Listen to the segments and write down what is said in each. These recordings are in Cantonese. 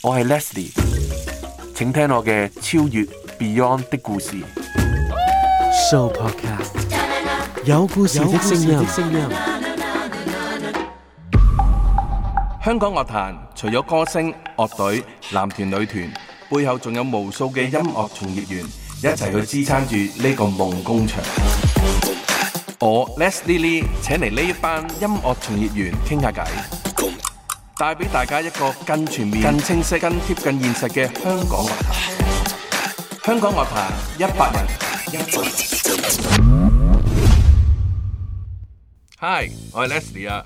我係 Leslie，請聽我嘅超越 Beyond 的故事。Sooo Podcast. 有故事，有故事的聲音。香港樂壇除咗歌星、樂隊、男團、女團，背後仲有無數嘅音樂從業員一齊去支撐住呢個夢工場。我 Leslie 請嚟呢一班音樂從業員傾下偈。帶俾大家一個更全面、更清晰、更貼近現實嘅香港樂壇。香港樂壇一百人。Hi，我係 Leslie 啊。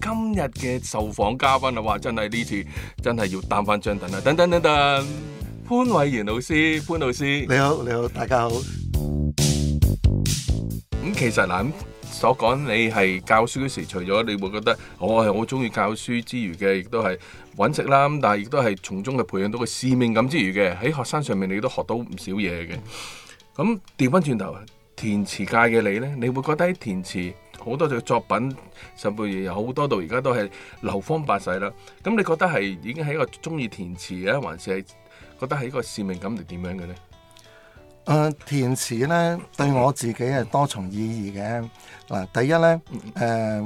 今日嘅受訪嘉賓啊，話真係呢次真係要擔翻張凳啊！等等等等，潘偉源老師，潘老師，你好，你好，大家好。咁其實啦。所講你係教書嗰時，除咗你會覺得我係好中意教書之餘嘅，亦都係揾食啦。咁但係亦都係從中係培養到個使命感之餘嘅，喺學生上面你都學到唔少嘢嘅。咁調翻轉頭，填詞界嘅你呢？你會覺得喺填詞好多隻作品甚至有好多到而家都係流芳百世啦。咁你覺得係已經係一個中意填詞咧，還是係覺得係一個使命感定點樣嘅呢？誒、呃、填詞咧對我自己係多重意義嘅嗱，第一咧誒、呃、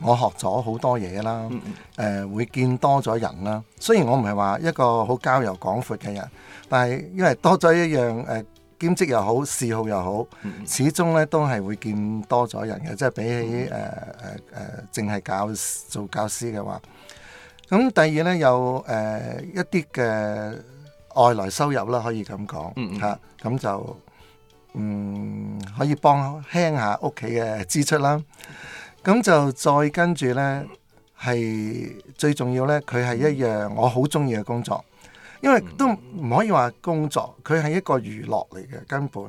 我學咗好多嘢啦，誒、呃、會見多咗人啦。雖然我唔係話一個好交遊廣闊嘅人，但係因為多咗一樣誒、呃、兼職又好，嗜好又好，始終咧都係會見多咗人嘅，即係比起誒誒誒淨係教做教師嘅話，咁第二咧有誒、呃、一啲嘅。外來收入啦，可以咁講吓，咁、嗯啊、就嗯可以幫輕下屋企嘅支出啦。咁就再跟住呢，係最重要呢，佢係一樣我好中意嘅工作，因為都唔可以話工作，佢係一個娛樂嚟嘅根本。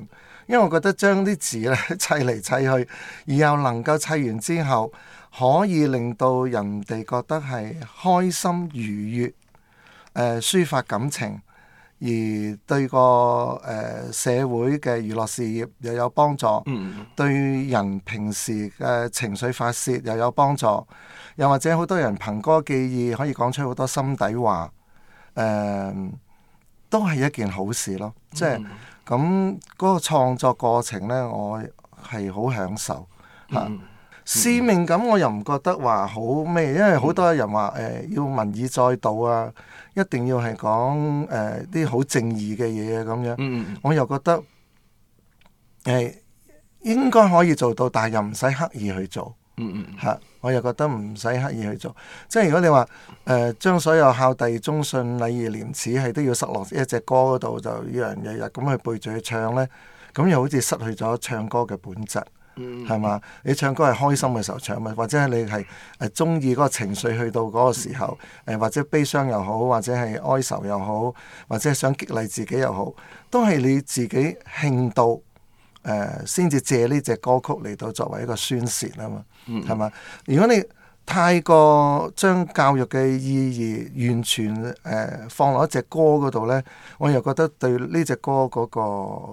因為我覺得將啲字呢砌嚟砌去，而又能夠砌完之後，可以令到人哋覺得係開心愉悅，誒、呃、抒發感情。而對個誒、呃、社會嘅娛樂事業又有幫助，嗯、對人平時嘅情緒發泄又有幫助，又或者好多人憑歌寄意，可以講出好多心底話，誒、呃、都係一件好事咯。嗯、即係咁嗰個創作過程呢，我係好享受嚇。嗯啊嗯嗯，使命感我又唔覺得話好咩，因為好多人話誒、嗯呃、要文以載道啊，一定要係講誒啲好正義嘅嘢咁樣。嗯嗯，我又覺得誒、呃、應該可以做到，但係又唔使刻意去做。嗯嗯。嚇、啊，我又覺得唔使刻意去做。即係如果你話誒、呃、將所有孝弟忠信禮義廉恥係都要塞落一隻歌嗰度，就一樣日日日咁去背住佢唱呢，咁又好似失去咗唱歌嘅本質。嗯，係嘛？你唱歌係開心嘅時候唱咪，或者係你係誒中意嗰個情緒去到嗰個時候，誒、呃、或者悲傷又好，或者係哀愁又好，或者係想激勵自己又好，都係你自己慶到誒先至借呢隻歌曲嚟到作為一個宣泄啊嘛，係嘛，嗯嗯？如果你太過將教育嘅意義完全誒、呃、放落一隻歌嗰度呢，我又覺得對呢隻歌嗰個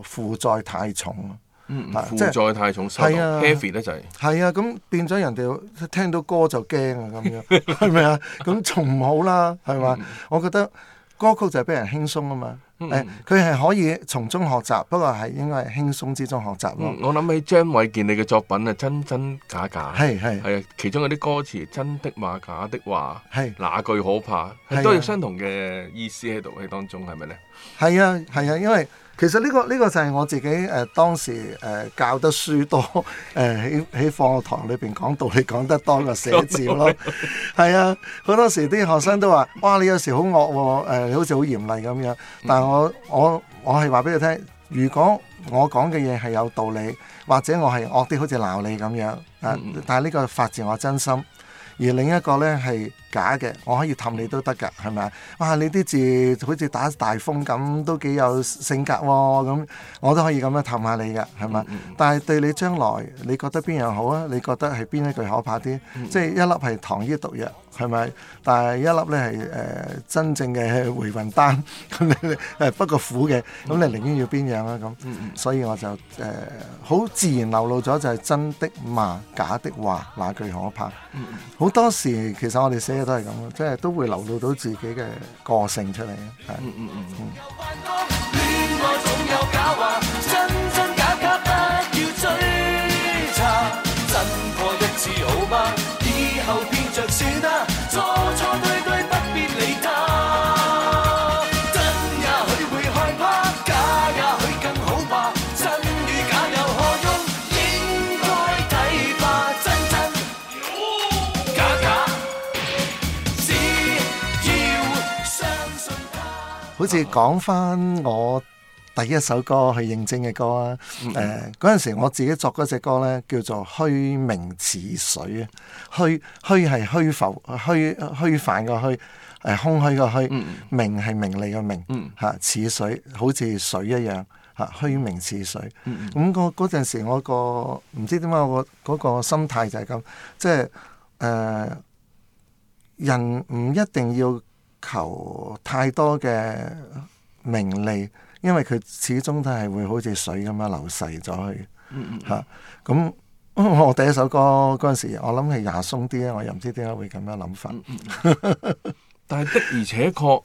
負載太重。嗯，負載太重，heavy 得滯，係啊，咁變咗人哋聽到歌就驚啊，咁樣係咪啊？咁仲唔好啦，係嘛？我覺得歌曲就係俾人輕鬆啊嘛。誒，佢係可以從中學習，不過係應該係輕鬆之中學習咯。我諗起張偉健你嘅作品啊，真真假假，係係係啊，其中有啲歌詞真嘅話假嘅話，係哪句可怕？係都有相同嘅意思喺度喺當中，係咪咧？係啊，係啊，因為。其實呢、這個呢、這個就係我自己誒、呃、當時誒、呃、教得書多誒喺喺課堂裏邊講道理講得多個寫字咯，係 啊好多時啲學生都話：哇你有時好惡喎，你好似好嚴厲咁樣。但係我我我係話俾你聽，如果我講嘅嘢係有道理，或者我係惡啲好似鬧你咁樣啊，嗯、但係呢個發自我真心。而另一個呢係。假嘅，我可以氹你都得㗎，係咪啊？哇，你啲字好似打大風咁，都幾有性格喎，咁、嗯、我都可以咁樣氹下你㗎，係咪？嗯、但係對你將來，你覺得邊樣好啊？你覺得係邊一句可怕啲？嗯、即係一粒係糖衣毒藥，係咪？但係一粒咧係誒真正嘅回魂丹，咁你誒不過苦嘅，咁你寧願要邊樣啊？咁、嗯，嗯、所以我就誒好、呃、自然流露咗，就係真的嘛假的話，哪句可怕？好、嗯嗯、多時其實我哋寫。即都係咁咯，即係都會流露到自己嘅個性出嚟嘅。嗯嗯嗯嗯。嗯 好似講翻我第一首歌去認證嘅歌啊！誒嗰陣時我自己作嗰隻歌咧，叫做《虛名似水》啊！虛虛係虛浮、虛虛泛個虛，誒、呃、空虛個虛。名係名利嘅名。嚇、mm hmm. 啊，似水好似水一樣嚇、啊，虛名似水。咁嗰嗰陣時我、嗰個，我個唔知點解我嗰個心態就係咁，即係誒人唔一定要。求太多嘅名利，因為佢始終都係會好似水咁樣流逝咗去。嗯嗯，吓、嗯、咁、啊嗯，我第一首歌嗰陣時，我諗係牙鬆啲咧，我又唔知點解會咁樣諗法。但係的而且確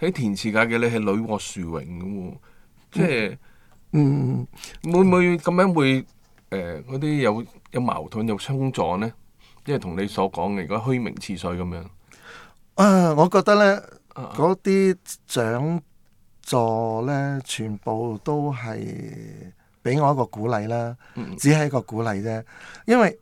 喺填詞界嘅，你係屢獲殊榮嘅喎，即係、嗯，嗯會唔會咁樣會誒嗰啲有有矛盾有衝撞呢？即係同你所講嘅如果虛名似水咁樣。啊！Uh, 我覺得呢，嗰啲獎座呢，全部都係俾我一個鼓勵啦。Mm hmm. 只係一個鼓勵啫，因為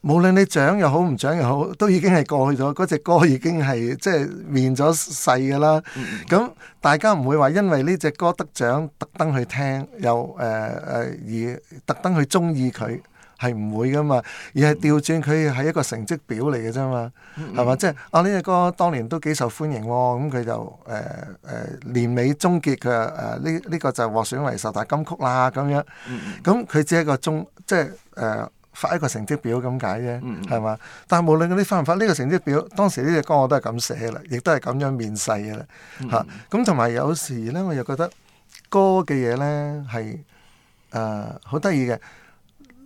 無論你獎又好唔獎又好，都已經係過去咗。嗰、那、隻、個、歌已經係即係面咗世噶啦。咁、mm hmm. 嗯、大家唔會話因為呢隻歌得獎，特登去聽，又誒誒而特登去中意佢。係唔會噶嘛？而係調轉佢係一個成績表嚟嘅啫嘛，係嘛？即係、mm hmm. 啊！呢隻歌當年都幾受歡迎喎，咁佢就誒誒、呃呃、年尾終結嘅誒呢呢個就獲選為十大金曲啦咁樣。咁佢只係一個中，即係誒發一個成績表咁解啫，係嘛、mm hmm.？但係無論你啲發唔發呢個成績表，當時呢隻歌我都係咁寫啦，亦都係咁樣面世嘅啦嚇。咁同埋有時呢，我又覺得歌嘅嘢呢係誒好得意嘅。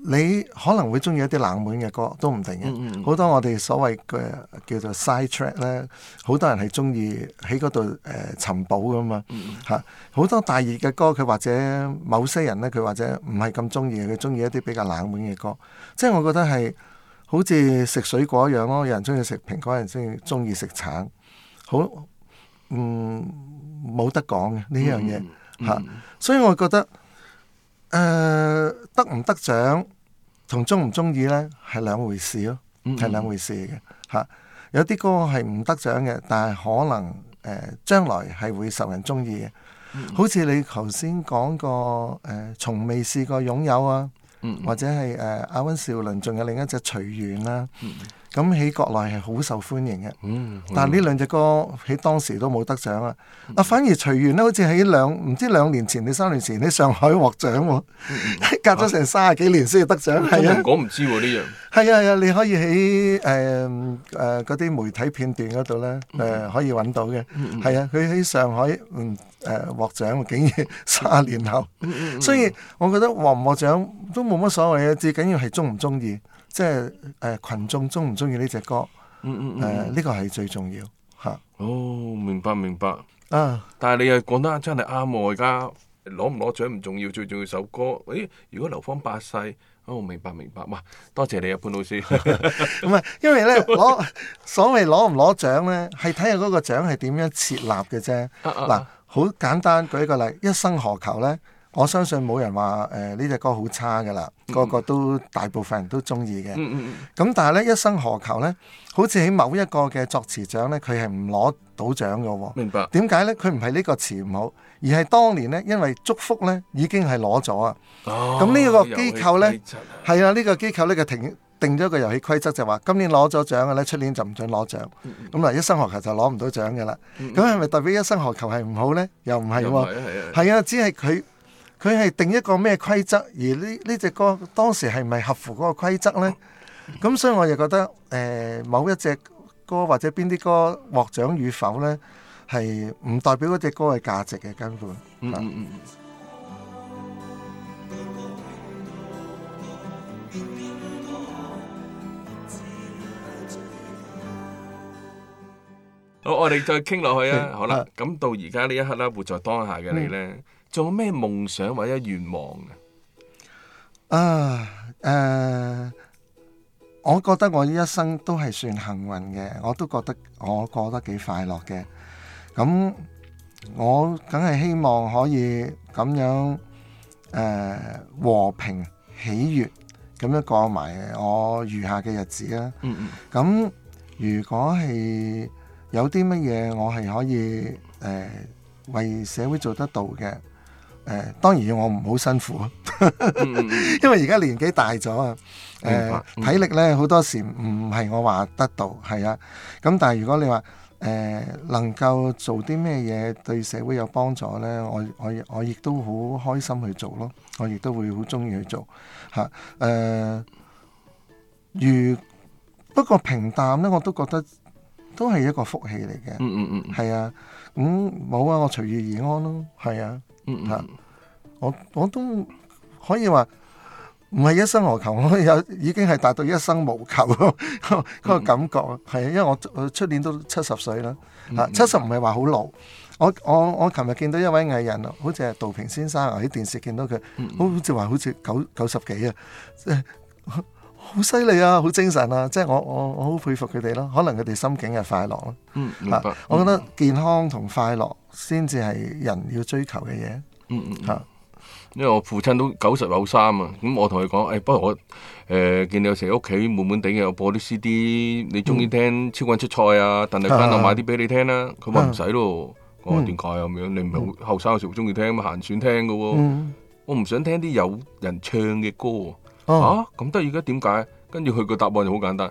你可能會中意一啲冷門嘅歌都唔定嘅，好、mm hmm. 多我哋所謂嘅叫做 side track 咧，好多人係中意喺嗰度誒尋寶噶嘛嚇。好、mm hmm. 多大熱嘅歌，佢或者某些人咧，佢或者唔係咁中意嘅，佢中意一啲比較冷門嘅歌。即係我覺得係好似食水果一樣咯，有人中意食蘋果，有人中意中意食橙。好，嗯，冇得講嘅呢樣嘢嚇。所以我覺得誒、呃、得唔得獎？同中唔中意呢係兩回事咯，係、嗯嗯、兩回事嘅嚇、啊。有啲歌係唔得獎嘅，但係可能誒將、呃、來係會受人中意嘅。嗯、好似你頭先講個誒從未試過擁有啊，嗯嗯或者係誒阿溫兆倫仲有另一隻隨緣啦。咁喺國內係好受歡迎嘅，嗯啊、但係呢兩隻歌喺當時都冇得獎啊！啊、嗯，反而隨緣咧，好似喺兩唔知兩年前、定三年前喺上海獲獎喎、啊，嗯嗯、 隔咗成卅幾年先至得獎係啊！我唔知呢樣，係啊係啊，你可以喺誒誒嗰啲媒體片段嗰度咧誒可以揾到嘅，係、嗯嗯、啊，佢喺上海誒、呃、獲獎，竟然卅年後， 所以我覺得獲唔獲獎都冇乜所謂嘅，至緊要係中唔中意。即係誒、呃，群眾中唔中意呢隻歌？呃、嗯嗯、嗯、呃，誒，呢個係最重要吓。啊、哦，明白明白。啊，但係你又講得真係啱喎，而家攞唔攞獎唔重要，最重要首歌。咦，如果流芳百世，哦，明白明白、明白。哇，多謝你啊，潘老師。唔係，因為咧，攞所謂攞唔攞獎咧，係睇下嗰個獎係點樣設立嘅啫。嗱，好簡單，舉個例，一生何求咧。我相信冇人話誒呢隻歌好差噶啦，個個都大部分人都中意嘅。咁、嗯、但係呢，一生何求呢？好似喺某一個嘅作詞獎呢，佢係唔攞到獎嘅喎。明白點解呢？佢唔係呢個詞唔好，而係當年呢，因為祝福呢已經係攞咗啊。咁呢、哦、個機構呢，係啊，呢、呢個機構呢，就停定咗個遊戲規則，就話、是、今年攞咗獎嘅呢，出年就唔準攞獎。咁嗱、嗯，嗯嗯、一生何求就攞唔到獎嘅啦。咁係咪代表一生何求係唔好呢？又唔係喎，係啊，只係佢。佢係定一個咩規則？而呢呢隻歌當時係咪合乎嗰個規則呢？咁、嗯、所以我就覺得，誒、呃、某一隻歌或者邊啲歌獲獎與否呢，係唔代表嗰隻歌嘅價值嘅根本。嗯嗯嗯、好，我哋再傾落去啊！好啦，咁到而家呢一刻啦，活在當下嘅你呢。嗯仲有咩夢想或者願望嘅？啊誒，我覺得我一生都係算幸運嘅，我都覺得我過得幾快樂嘅。咁我梗係希望可以咁樣誒和平喜悅咁樣過埋我餘下嘅日子啦。嗯嗯。咁如果係有啲乜嘢我係可以誒為社會做得到嘅？誒、呃、當然要我唔好辛苦， 因為而家年紀大咗、呃嗯、啊！誒、嗯、體力咧好多時唔係我話得到，係啊。咁但係如果你話誒、呃、能夠做啲咩嘢對社會有幫助咧，我我我亦都好開心去做咯，我亦都會好中意去做嚇誒、啊呃。如不過平淡咧，我都覺得都係一個福氣嚟嘅、嗯。嗯係啊。咁、嗯、冇啊，我隨遇而安咯。係啊。嗯，嚇、mm！Hmm. 我我都可以話唔係一生何求，我有已經係達到一生無求個 個感覺。係、mm hmm. 因為我我出年都七十歲啦，嚇、mm hmm. 七十唔係話好老。我我我琴日見到一位藝人，好似係杜平先生喎，喺電視見到佢，好似話好似九九十幾啊，即係。好犀利啊！好精神啊！即係我我我好佩服佢哋咯。可能佢哋心境係快樂咯、啊。嗯，明白、啊。我覺得健康同快樂先至係人要追求嘅嘢、嗯。嗯嗯。吓、啊，因為我父親都九十有三啊，咁我同佢講，誒，不如我誒、呃，見到有時屋企悶悶地嘅，我播啲 CD，你中意聽《超人出賽》啊？但係翻到買啲俾你聽啦、啊。佢話唔使咯。我話點解咁樣你唔係好後生嗰時會中意聽咁閒選聽噶喎。我唔想聽啲有人唱嘅歌。啊，咁得而家點解？跟住佢個答案就好簡單，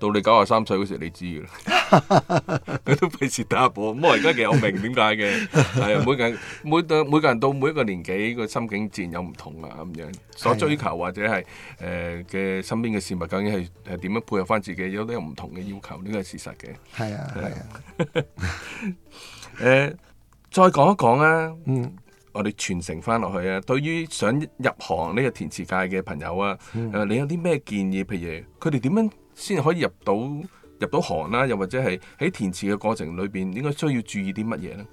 到你九十三歲嗰時你知噶啦。你都費事答我，我而家幾有名，點解嘅？係啊，每個人每到每個人到每一個年紀，個心境自然有唔同啦，咁樣所追求或者係誒嘅身邊嘅事物究竟係係點樣配合翻自己，有啲有唔同嘅要求，呢個係事實嘅。係啊，係啊。誒，再講一講啊，嗯。我哋傳承翻落去啊！對於想入行呢個填詞界嘅朋友、嗯、啊，你有啲咩建議？譬如佢哋點樣先可以入到入到行啦、啊？又或者係喺填詞嘅過程裏邊應該需要注意啲乜嘢呢？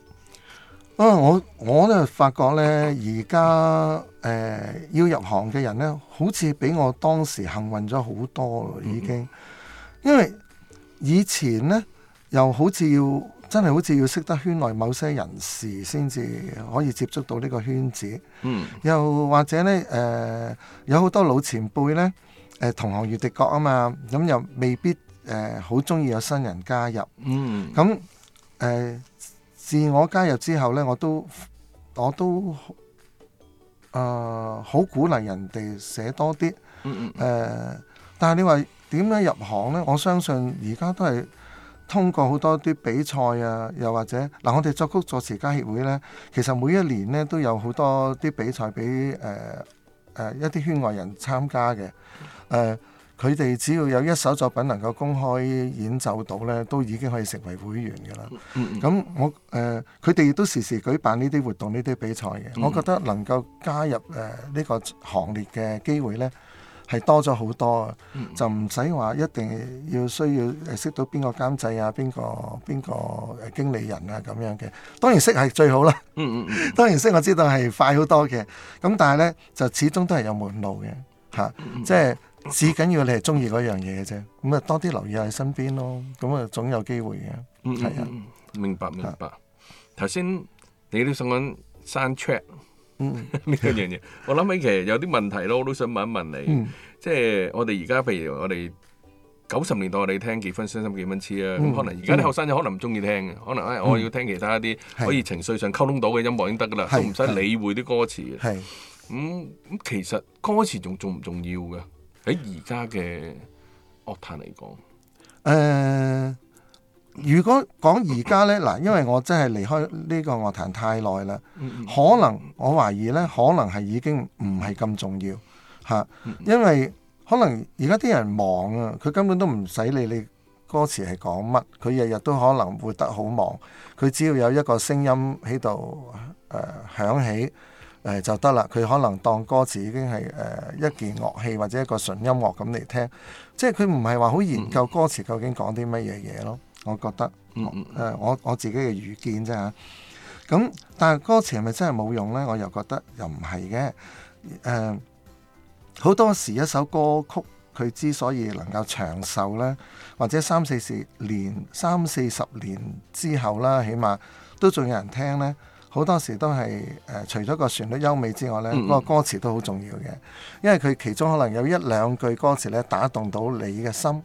啊！我我就發覺呢，而家誒要入行嘅人呢，好似比我當時幸運咗好多咯，已經、嗯。因為以前呢，又好似要。真係好似要識得圈內某些人士先至可以接觸到呢個圈子。嗯。又或者呢，誒、呃、有好多老前輩呢，誒、呃、同行如敵國啊嘛，咁、嗯、又未必誒好中意有新人加入。嗯。咁誒、呃、自我加入之後呢，我都我都誒好、呃、鼓勵人哋寫多啲。嗯嗯、呃、但係你話點樣入行呢？我相信而家都係。通過好多啲比賽啊，又或者嗱、啊，我哋作曲作詞家協會呢，其實每一年咧都有好多啲比賽俾誒誒一啲圈外人參加嘅。誒、呃，佢哋只要有一首作品能夠公開演奏到呢，都已經可以成為會員㗎喇。咁、嗯嗯、我誒，佢、呃、哋都時時舉辦呢啲活動、呢啲比賽嘅。我覺得能夠加入誒呢、呃呢個行列嘅機會呢，係多咗好多，啊、嗯，就唔使話一定要需要識到邊個監製啊，邊個邊個經理人啊咁樣嘅。當然識係最好啦，嗯嗯、當然識我知道係快好多嘅。咁但係呢，就始終都係有門路嘅吓，即係至緊要你係中意嗰樣嘢嘅啫。咁啊，嗯、是是多啲留意喺身邊咯，咁、嗯嗯、啊，總有機會嘅。明白明白。頭先、啊、你都想講刪 chat。嗯，呢樣嘢， 我諗起其實有啲問題咯，我都想問一問你，嗯、即係我哋而家，譬如我哋九十年代我哋聽幾分傷心幾分痴啊，咁可能而家啲後生仔可能唔中意聽，可能誒、哎、我要聽其他一啲可以情緒上溝通到嘅音樂已經得噶啦，都唔使理會啲歌詞係咁咁。其實歌詞仲重唔重要嘅喺而家嘅樂壇嚟講？誒。呃如果講而家呢，嗱，因為我真係離開呢個樂壇太耐啦，可能我懷疑呢，可能係已經唔係咁重要吓，啊，因為可能而家啲人忙啊，佢根本都唔使理你歌詞係講乜，佢日日都可能會得好忙，佢只要有一個聲音喺度誒響起，呃，就得啦，佢可能當歌詞已經係誒，呃，一件樂器或者一個純音樂咁嚟聽，即係佢唔係話好研究歌詞究竟講啲乜嘢嘢咯。我覺得誒、呃，我我自己嘅預見啫嚇、啊。咁但係歌詞係咪真係冇用呢？我又覺得又唔係嘅。誒、呃、好多時一首歌曲佢之所以能夠長壽呢，或者三四十年、三四十年之後啦，起碼都仲有人聽呢。好多時都係誒、呃，除咗個旋律優美之外呢，嗰個、嗯嗯、歌詞都好重要嘅，因為佢其中可能有一兩句歌詞呢，打動到你嘅心，誒、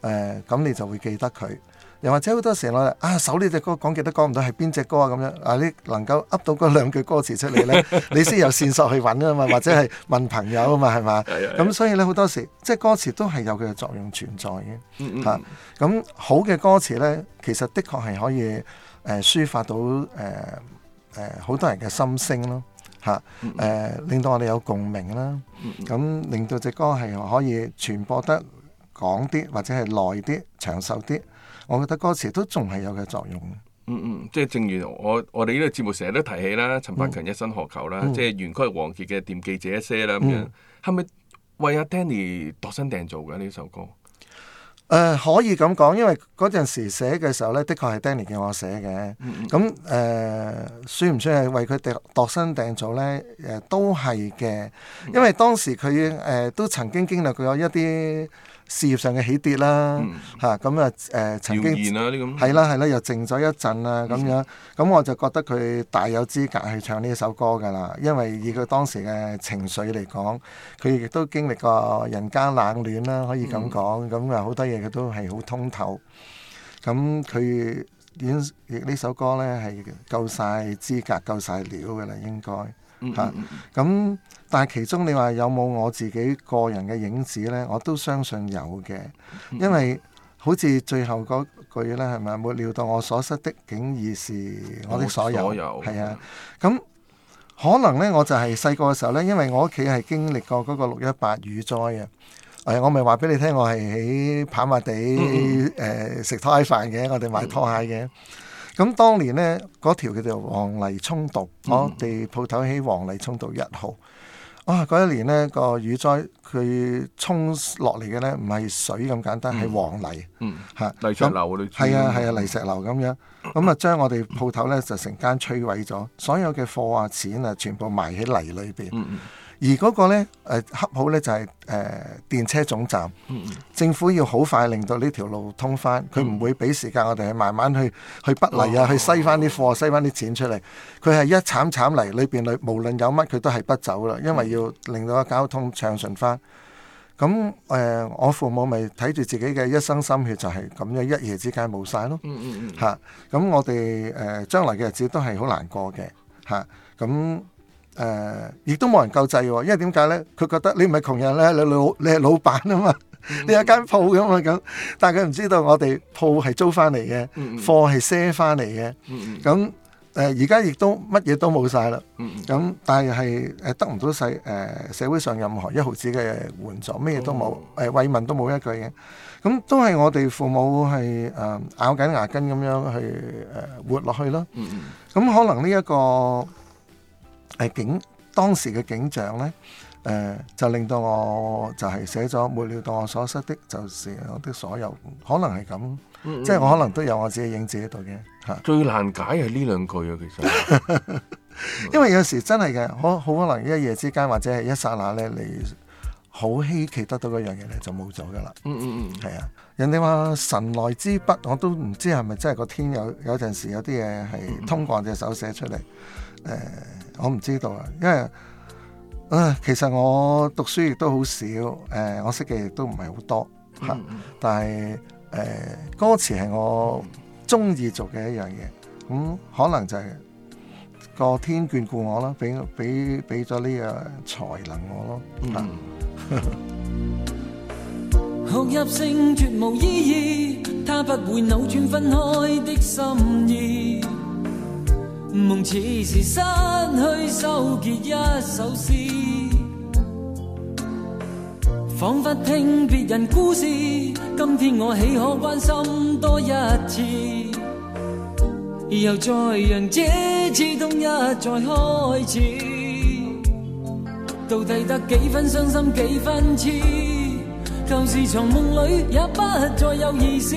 呃、咁你就會記得佢。又或者好多時我哋啊，搜呢隻歌講極都講唔到係邊隻歌啊咁樣啊？你能夠噏到嗰兩句歌詞出嚟咧，你先有線索去揾啊嘛，或者係問朋友啊嘛，係嘛？係啊！咁所以咧，好多時即係歌詞都係有佢嘅作用存在嘅。嗯嗯。嚇，咁好嘅歌詞咧，其實的確係可以誒抒發到誒誒好多人嘅心聲咯。嚇，誒令到我哋有共鳴啦。嗯。咁令到隻歌係可以傳播得廣啲，或者係耐啲、長壽啲。我覺得歌詞都仲係有佢作用嗯。嗯嗯，即係正如我我哋呢個節目成日都提起啦，陳百強一生何求啦，嗯、即係原曲係王傑嘅《惦記這一些》啦、嗯，咁樣係咪為阿 Danny 度身訂做嘅呢首歌？誒、呃，可以咁講，因為嗰陣時寫嘅時候咧，的確係 Danny 叫我寫嘅。嗯嗯。咁誒，算、呃、唔算係為佢哋度身訂做咧？誒、呃，都係嘅，因為當時佢誒、呃、都曾經經歷過一啲。事業上嘅起跌啦，嚇咁、嗯、啊誒、呃、曾經係啦係啦，又靜咗一陣啊，咁樣，咁、嗯、我就覺得佢大有資格去唱呢首歌噶啦，因為以佢當時嘅情緒嚟講，佢亦都經歷過人間冷暖啦，可以咁講，咁啊、嗯嗯、好多嘢佢都係好通透。咁佢演呢首歌呢，係夠晒資格、夠晒料嘅啦，應該嚇咁。但係其中你話有冇我自己個人嘅影子呢？我都相信有嘅，因為好似最後嗰句咧，係咪沒料到我所失的竟已是我的所有？係啊，咁可能呢，我就係細個嘅時候呢，因為我屋企係經歷過嗰個六一八雨災啊、呃。我咪話俾你聽，我係喺跑馬地誒、嗯嗯呃、食拖鞋飯嘅，我哋賣拖鞋嘅。咁、嗯、當年呢，嗰條叫做黃泥涌道，我哋鋪頭喺黃泥涌道一號。哇！嗰、哦、一年呢、個雨災佢沖落嚟嘅呢，唔係水咁簡單，係、嗯、黃泥。嗯。嚇。泥石流嗰啲。係啊係啊，泥石流咁樣，咁啊將我哋鋪頭呢就成間摧毀咗，所有嘅貨啊錢啊全部埋喺泥裏邊。嗯嗯。嗯。而嗰個咧，誒恰好咧就係誒電車總站，政府要好快令到呢條路通翻，佢唔會俾時間我哋去慢慢去去不嚟啊，去篩翻啲貨、篩翻啲錢出嚟。佢係一剷剷嚟，裏邊裏無論有乜，佢都係不走啦，因為要令到個交通暢順翻。咁誒，我父母咪睇住自己嘅一生心血就係咁樣一夜之間冇曬咯。嗯嗯嗯。嚇！咁我哋誒將來嘅日子都係好難過嘅嚇。咁誒，亦都冇人救濟喎，因為點解咧？佢覺得你唔係窮人咧，你老你係老闆啊嘛，你有間鋪咁啊咁。但係佢唔知道我哋鋪係租翻嚟嘅，貨係賒翻嚟嘅。咁誒而家亦都乜嘢都冇晒啦。咁但係係誒得唔到世誒社會上任何一毫子嘅援助，咩嘢都冇，誒慰問都冇一句嘅。咁都係我哋父母係誒咬緊牙根咁樣去誒活落去咯。咁可能呢一個。係、啊、景當時嘅景象咧，誒、呃、就令到我就係寫咗沒料到我所失的，就是我的所有，可能係咁，嗯嗯即係我可能都有我自己影子喺度嘅嚇。最難解係呢兩句啊，其實， 因為有時真係嘅，可好，好可能一夜之間或者係一剎那咧，你好稀奇得到嗰樣嘢咧，就冇咗噶啦。嗯嗯嗯，係啊，人哋話神來之筆，我都唔知係咪真係個天有有陣時有啲嘢係通過隻手寫出嚟。嗯嗯嗯。誒、呃，我唔知道啊，因為啊、呃，其實我讀書亦都好少，誒、呃，我識嘅亦都唔係好多嚇，啊嗯、但係誒、呃，歌詞係我中意做嘅一樣嘢，咁、嗯、可能就係個天眷顧我啦，俾俾俾咗呢樣才能我咯嗱。夢似是失去收結一首詩，仿佛聽別人故事。今天我豈可關心多一次？又再讓這刺痛一再開始。到底得幾分傷心，幾分痴？舊事藏夢裡，也不再有意思。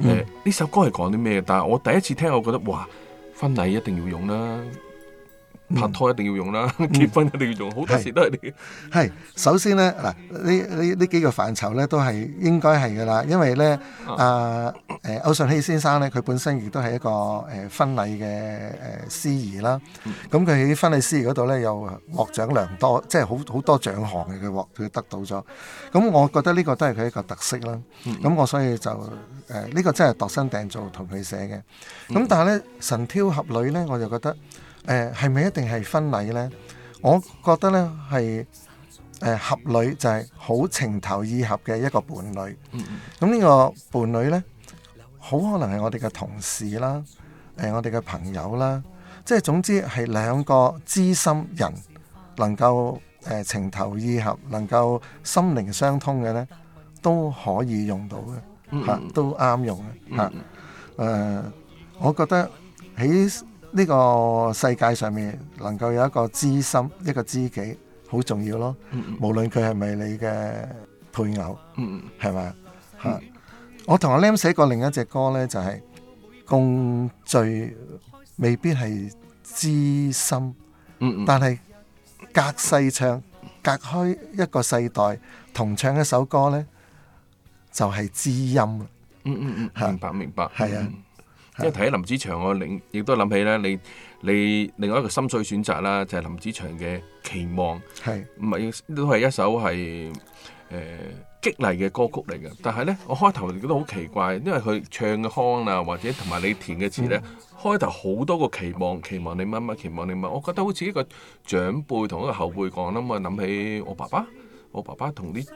誒呢、嗯、首歌係講啲咩？但係我第一次聽，我覺得，哇，婚禮一定要用啦！拍拖一定要用啦，嗯、結婚一定要用，好多時都係啲。係首先咧，嗱呢呢呢幾個範疇咧，都係應該係噶啦。因為咧，啊誒、啊呃、歐順熙先生咧，佢本身亦都係一個誒、呃、婚禮嘅誒司儀啦。咁佢喺婚禮司儀嗰度咧，有獲獎良多，即、就、係、是、好好，好多獎項嘅佢獲佢得到咗。咁我覺得呢個都係佢一個特色啦。咁我所以就誒呢、呃這個真係度身訂造同佢寫嘅。咁、嗯、但係咧，神鵰俠侶咧，我就覺得。誒係咪一定係婚禮呢？我覺得呢係、呃、合侶就係好情投意合嘅一個伴侶。咁、嗯、呢、嗯、個伴侶呢，好可能係我哋嘅同事啦，誒、呃、我哋嘅朋友啦，即係總之係兩個知心人能夠誒、呃、情投意合、能夠心靈相通嘅呢，都可以用到嘅嚇、嗯啊，都啱用嘅嚇、嗯啊呃。我覺得喺呢個世界上面能夠有一個知心，一個知己，好重要咯。嗯嗯，無論佢係咪你嘅配偶，係咪？我同阿 Lam 寫過另一隻歌呢，就係、是、共聚未必係知心。嗯嗯，但係隔世唱隔開一個世代同唱一首歌呢，就係、是、知音。嗯嗯嗯，明白明白，係啊。嗯嗯即係睇林子祥我亦亦都諗起咧，你你另外一個心水選擇啦，就係、是、林子祥嘅期望，係唔係都係一首係誒、呃、激勵嘅歌曲嚟嘅。但係咧，我開頭覺得好奇怪，因為佢唱嘅腔啊，或者同埋你填嘅詞咧， 開頭好多個期望，期望你乜乜，期望你乜，我覺得好似一個長輩同一個後輩講啦，我諗起我爸爸，我爸爸同啲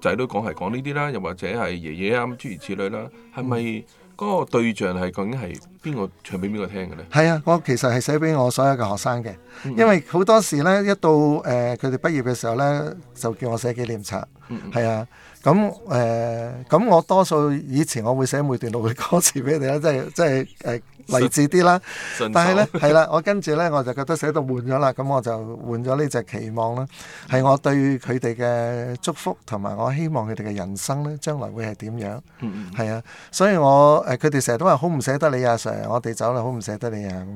仔女講係講呢啲啦，又或者係爺爺啊諸如此類啦，係咪？嗰個對象係究竟係邊個唱俾邊個聽嘅咧？係啊，我其實係寫俾我所有嘅學生嘅，因為好多時咧，一到誒佢哋畢業嘅時候咧，就叫我寫紀念冊，係、嗯嗯、啊，咁誒咁我多數以前我會寫每段路嘅歌詞俾你啦，即係即係。勵志啲啦，但係呢，係啦， 我跟住呢，我就覺得寫到換咗啦，咁我就換咗呢隻期望啦，係我對佢哋嘅祝福同埋我希望佢哋嘅人生呢將來會係點樣？嗯，係啊，所以我誒佢哋成日都話好唔捨得你啊，Sir，我哋走啦，好唔捨得你啊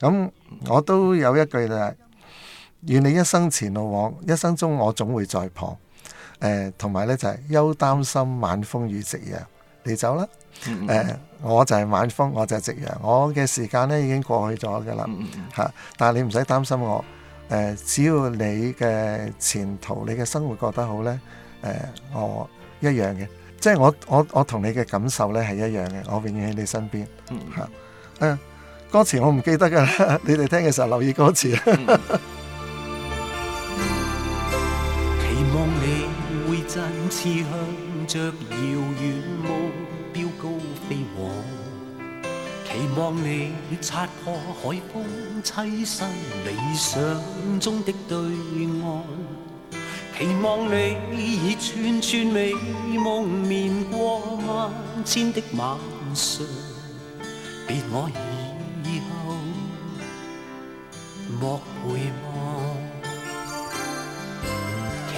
咁。咁、嗯、我都有一句就係願你一生前路往，一生中我總會在旁。誒，同、呃、埋呢，就係、是、憂擔心晚風雨夕陽。你走啦，誒、呃，我就係晚風，我就係夕陽，我嘅時間呢已經過去咗㗎啦，嚇！ 但係你唔使擔心我，誒、呃，只要你嘅前途、你嘅生活過得好呢，誒、呃，我一樣嘅，即係我、我、我同你嘅感受呢係一樣嘅，我永遠喺你身邊，嚇！ 歌詞我唔記得噶，你哋聽嘅時候留意歌詞啊。期 望你會振翅去。着遙遠目標高飛往，期望你擦過海風，棲身理想中的對岸。期望你以串串美夢面過萬千的晚上，別我以後莫回望。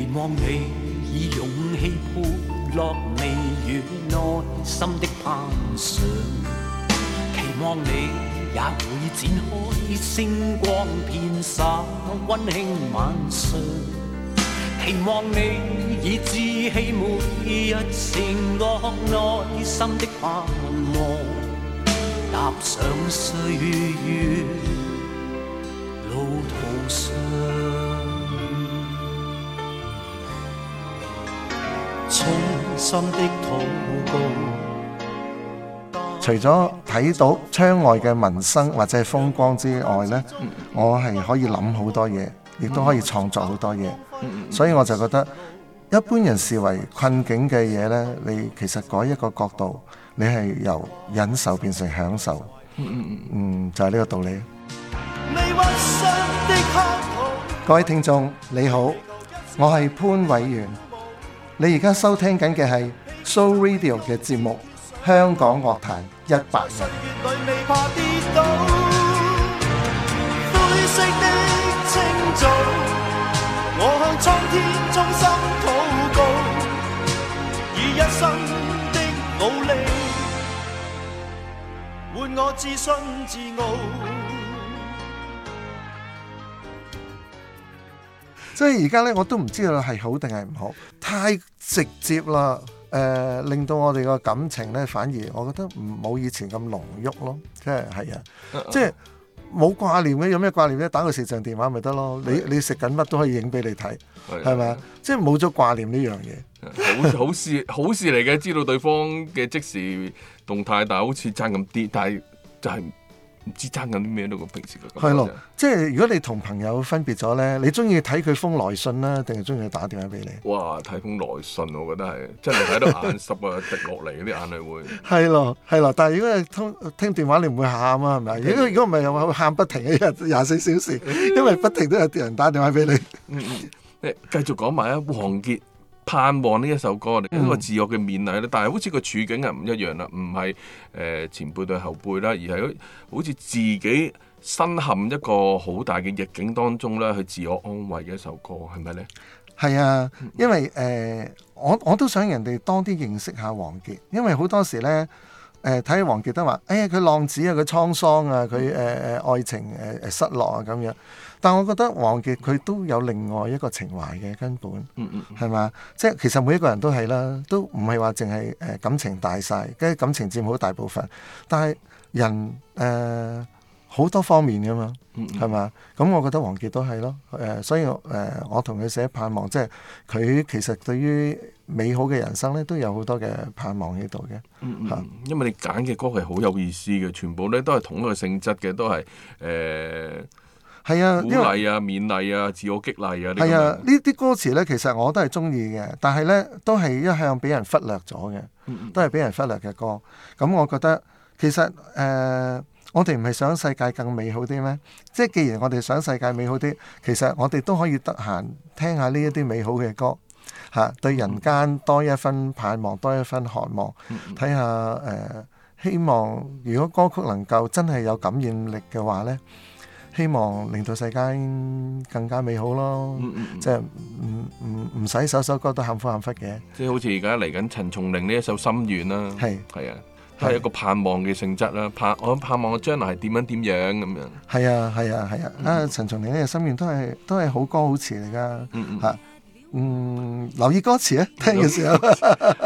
期望你以勇氣撥落微雨內心的攀上，期望你也會展開星光遍灑温馨晚上，期望你以志氣每日承諾內心的盼望，踏上歲月路途上。除咗睇到窗外嘅民生或者風光之外呢、嗯、我係可以諗好多嘢，亦都可以創作好多嘢。嗯、所以我就覺得，一般人視為困境嘅嘢呢，你其實改一個角度，你係由忍受變成享受。嗯，嗯就係、是、呢個道理。嗯、各位聽眾你好，我係潘偉源。你而家收聽緊嘅係 Show Radio 嘅節目《香港樂壇一百年》。所以而家呢，我都唔知道係好定係唔好。太直接啦，誒、呃、令到我哋個感情咧，反而我覺得唔冇以前咁濃郁咯，即係係啊，啊啊即係冇掛念嘅，有咩掛念咧？打個視像電話咪得咯，你是你食緊乜都可以影俾你睇，係咪是吧啊？即係冇咗掛念呢樣嘢，好好事好事嚟嘅，知道對方嘅即時動態， 但係好似爭咁啲，但係就係。支撐緊啲咩都咁平時係咯，的嗯、即係如果你同朋友分別咗咧，你中意睇佢封來信啦、啊，定係中意佢打電話俾你？哇！睇封來信，我覺得係真係喺度眼濕啊， 滴落嚟嗰啲眼淚會。係咯，係咯，但係如果係通聽電話，你唔會喊啊，係咪？了如果如果唔係，又會喊不停一日廿四小時，因為不停都有啲人打電話俾你。嗯 嗯，繼續講埋啊，王傑。盼望呢一首歌，一個自我嘅勉勵咧。但係好似個處境係唔一樣啦，唔係誒前輩對後輩啦，而係好似自己身陷一個好大嘅逆境當中咧，去自我安慰嘅一首歌，係咪呢？係啊，因為誒、呃，我我都想人哋多啲認識下王傑，因為好多時呢。誒，睇、呃、王傑都話，哎呀，佢浪子啊，佢滄桑啊，佢誒誒愛情誒誒失落啊咁樣。但係我覺得王傑佢都有另外一個情懷嘅根本，嗯嗯，係嘛？即係其實每一個人都係啦，都唔係話淨係誒感情大晒，跟住感情佔好大部分。但係人誒好、呃、多方面噶嘛，係嘛、嗯嗯嗯？咁我覺得王傑都係咯，誒、呃，所以誒、呃、我同佢寫盼望，即係佢其實對於。美好嘅人生咧，都有好多嘅盼望喺度嘅。嗯，嗯是因為你揀嘅歌係好有意思嘅，全部咧都係同一個性質嘅，都係，誒、呃，係啊，鼓勵啊、為勉勵啊、自我激勵啊。係啊，呢啲歌詞咧，其實我都係中意嘅，但係咧都係一向俾人忽略咗嘅，嗯嗯都係俾人忽略嘅歌。咁、嗯、我覺得其實，誒、呃，我哋唔係想世界更美好啲咩？即係既然我哋想世界美好啲，其實我哋都可以得閒聽下呢一啲美好嘅歌。嚇！對人間多一分盼望，多一分渴望，睇下誒、呃，希望如果歌曲能夠真係有感染力嘅話咧，希望令到世間更加美好咯。即係唔唔唔使首首歌都幸福幸福嘅，即係好似而家嚟緊陳松伶呢一首《心願》啦，係係啊，係是、啊、一個盼望嘅性質啦、啊。盼我盼望我將來係點樣點樣咁樣。係啊係啊係啊！啊，啊，啊陳松伶呢首《心願》都係都係好歌好詞嚟㗎嚇。啊 嗯，留意歌詞啊。聽嘅時候。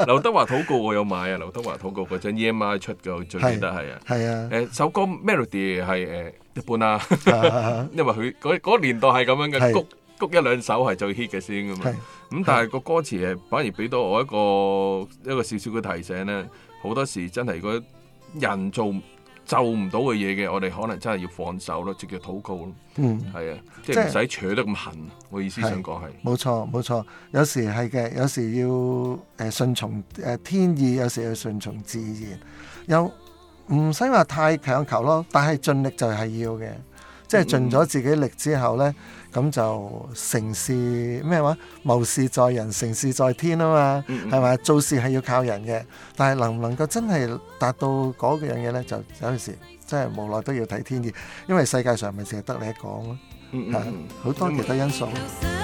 劉 德華禱告我有買啊，劉德華禱告嗰張 EMI 出嘅，我最記得係啊。係啊，誒，首歌 Melody 係誒、呃、一般啦、啊， 因為佢嗰年代係咁樣嘅，谷曲是一兩首係最 hit 嘅先噶嘛。咁是、嗯、但係個歌詞誒，反而俾到我一個一個少少嘅提醒咧，好多時真係如果人做。做唔到嘅嘢嘅，我哋可能真係要放手咯，直接禱告咯，係啊、嗯，即係唔使扯得咁狠。嗯、我意思是想講係。冇錯冇錯，有時係嘅，有時要誒順從誒天意，有時要順從自然，又唔使話太強求咯，但係盡力就係要嘅，即係盡咗自己力之後咧。嗯嗯咁就成事咩話？謀事在人，成事在天啊嘛，係咪、嗯嗯？做事係要靠人嘅，但係能唔能夠真係達到嗰樣嘢呢？就有陣時真係無奈都要睇天意，因為世界上咪淨係得你一講咯，好多其他因素，啊。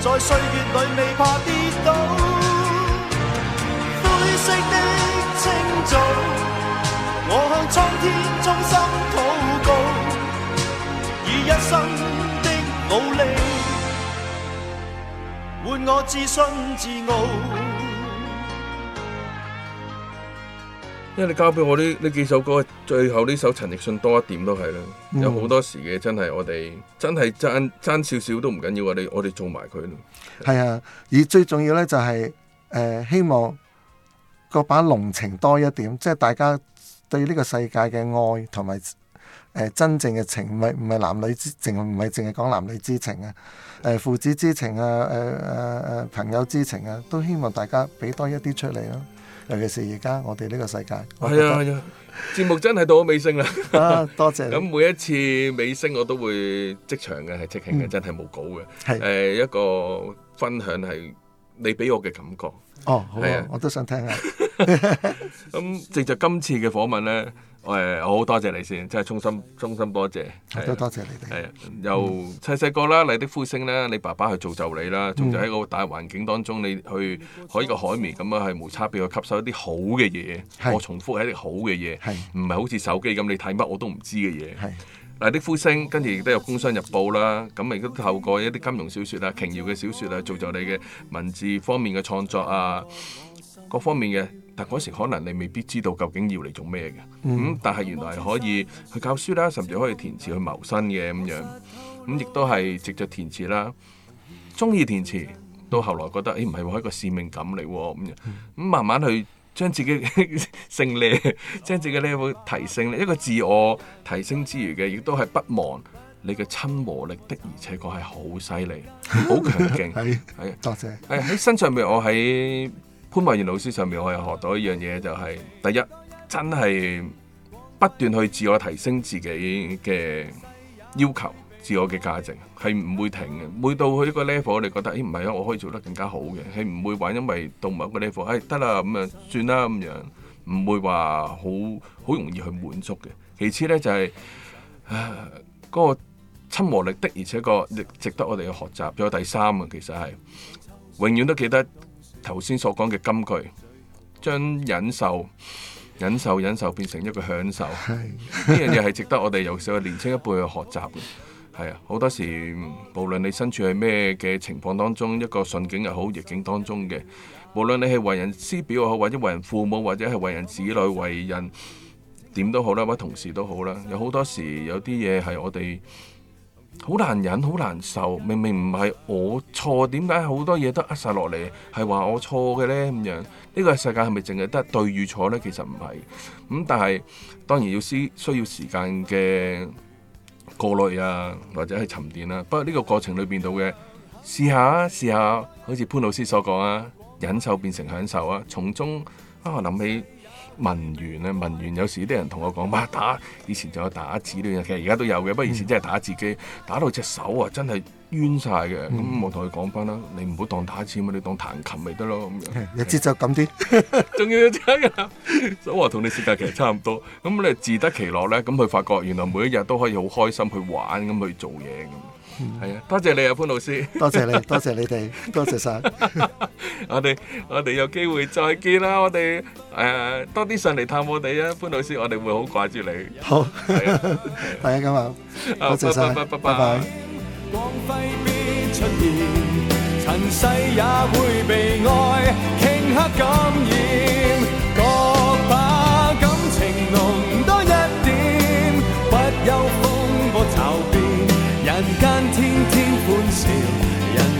在歲月裏未怕跌倒，灰色的清早，我向蒼天衷心禱告，以一生的努力換我自信自傲。因為你交俾我啲呢幾首歌，最後呢首陳奕迅多一點都係啦，嗯、有好多時嘅，真係我哋真係爭爭少少都唔緊要啊！你我哋做埋佢。係啊，而最重要呢就係、是、誒、呃，希望個把濃情多一點，即係大家對呢個世界嘅愛同埋誒真正嘅情，唔係唔係男女之情，唔係淨係講男女之情啊，誒、呃、父子之情啊，誒誒誒朋友之情啊，都希望大家俾多一啲出嚟咯。尤其是而家我哋呢個世界，係啊！係啊，節目真係到咗尾聲啦，多謝！咁每一次尾聲我都會即場嘅，係即興嘅，嗯、真係冇稿嘅，係誒是、呃、一個分享係你俾我嘅感覺。哦，好啊，我都想聽下！咁直就今次嘅訪問咧。誒，哎、我好多謝你先，真係衷心衷心多謝，多多謝你哋。係啊，嗯、又細細個啦，《麗的呼聲》啦，你爸爸去造就你啦，仲就喺個大環境當中，你去可以、嗯、個海綿咁樣，係無差別去吸收一啲好嘅嘢。是我重複係一啲好嘅嘢，唔係是好似手機咁你睇乜我都唔知嘅嘢。係是，《麗的呼聲》跟住亦都有《工商日報》啦，咁亦都透過一啲金融小説啊、瓊瑤嘅小説啊，造就你嘅文字方面嘅創作啊，各方面嘅。但嗰時可能你未必知道究竟要嚟做咩嘅，咁、嗯、但係原來係可以去教書啦，甚至可以填詞去謀生嘅咁樣，咁亦都係藉著填詞啦，鍾意填詞到後來覺得，誒唔係喎一個使命感嚟喎、啊，咁咁、嗯嗯、慢慢去將自己勝 利，將自己叻會提升，一個自我提升之餘嘅，亦都係不忘你嘅親和力的確，而且確係好犀利，好強勁，係係 的，多謝是，喺身上面我喺。潘偉源老師上面，我有學到一樣嘢，就係第一，真係不斷去自我提升自己嘅要求，自我嘅價值係唔會停嘅。每到去呢個 level，我哋覺得，哎唔係啊，我可以做得更加好嘅，係唔會話因為到某一個 level，哎得啦咁啊算啦咁樣，唔會話好好容易去滿足嘅。其次呢就係嗰個親和力的，而且個值得我哋去學習。再第三啊，其實係永遠都記得。頭先所講嘅金句，將忍受、忍受、忍受變成一個享受，呢樣嘢係值得我哋，尤其是年青一輩去學習嘅。係啊，好多時無論你身處喺咩嘅情況當中，一個順境又好，逆境當中嘅，無論你係為人師表又好，或者為人父母，或者係為人子女、為人點都好啦，或者同事都好啦，有好多時有啲嘢係我哋。好難忍，好難受。明明唔係我錯，點解好多嘢都壓晒落嚟係話我錯嘅呢？咁樣呢個世界係咪淨係得對與錯呢？其實唔係咁，但係當然要思，需要時間嘅過濾啊，或者係沉澱啦、啊。不過呢個過程裏邊到嘅試下啊，試下好似潘老師所講啊，忍受變成享受啊，從中啊我諗起。文員咧，文員有時啲人同我講，啊，打以前就有打字呢樣，其實而家都有嘅，不過以前真係打字機，嗯、打到隻手啊，真係冤晒嘅。咁我同佢講返啦，你唔好當打字，嘛，你當彈琴咪得咯。一知就咁啲，仲 要，所以我同你設計其實差唔多。咁你自得其樂咧，咁佢發覺原來每一日都可以好開心去玩，咁去做嘢。係啊，多謝你啊潘老師，多謝你，多謝你哋，多謝晒。我哋我哋有機會再見啦，我哋誒多啲上嚟探我哋啊，潘老師，我哋會好掛住你。好，係啊，咁啊多謝晒，拜拜拜拜拜。